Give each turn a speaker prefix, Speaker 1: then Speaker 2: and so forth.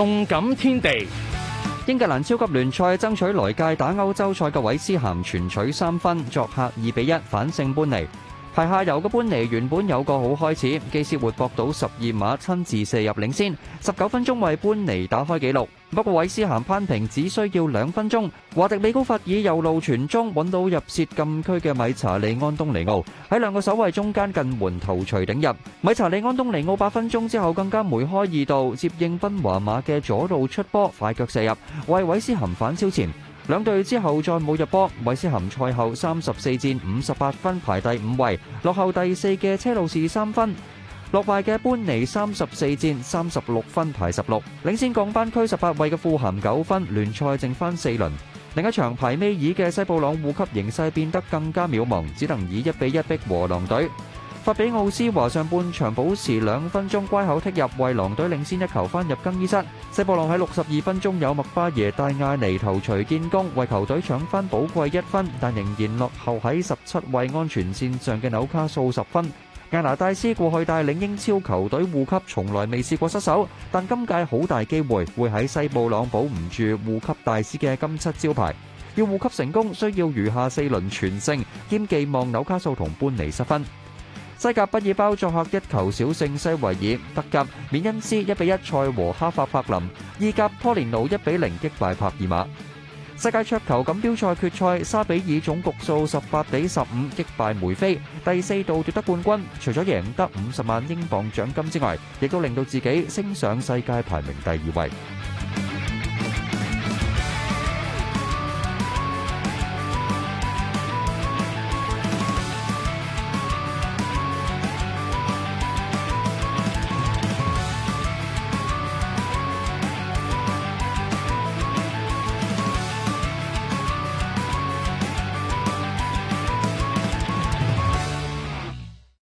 Speaker 1: 動感天地，英格蘭超級聯賽，爭取來屆打歐洲賽嘅韋斯咸全取三分，作客二比一反勝般尼。排下游嘅般尼原本有個好開始，基斯活搏到十二碼親自射入領先，十九分鐘為般尼打開紀錄。不過韋斯咸扳平，只需要兩分鐘，華迪美高法爾右路傳中揾到入攝禁區嘅米查利安東尼奧喺兩個守衛中間近門頭錘頂入。米查利安東尼奧八分鐘之後更加梅開二度，接應賓華馬嘅左路出波快腳射入，為韋斯咸反超前。兩隊之後再冇入波，韋斯咸賽後三十四戰五十八分排第五位，落後第四嘅車路士三分。落敗嘅般尼三十四戰三十六分排十六，領先降班區十八位嘅富咸九分，聯賽剩翻四輪。另一場排尾二嘅西布朗護級形勢變得更加渺茫，只能以一比一逼和狼隊。法比奧斯華上半場保持兩分鐘乖口踢入，為狼隊領先一球。翻入更衣室，西布朗喺六十二分鐘有麥巴耶帶艾尼頭錘建功，為球隊搶翻寶貴一分，但仍然落後喺十七位安全綫上嘅紐卡素十分。艾拿戴斯過去帶領英超球隊護級，從來未試過失手，但今屆好大機會會喺西布朗保唔住護級大師嘅金漆招牌。要護級成功，需要餘下四輪全勝兼寄望紐卡素同般尼失分。西甲畢爾包作客一球小勝西維爾。德甲緬因斯一比一賽和哈法柏林。意甲托連奴一比零擊敗帕爾馬。世界桌球錦標賽決賽，沙比爾總局數十八比十五擊敗梅菲，第四度奪得冠軍。除咗贏得五十萬英鎊獎金之外，亦都令到自己升上世界排名第二位。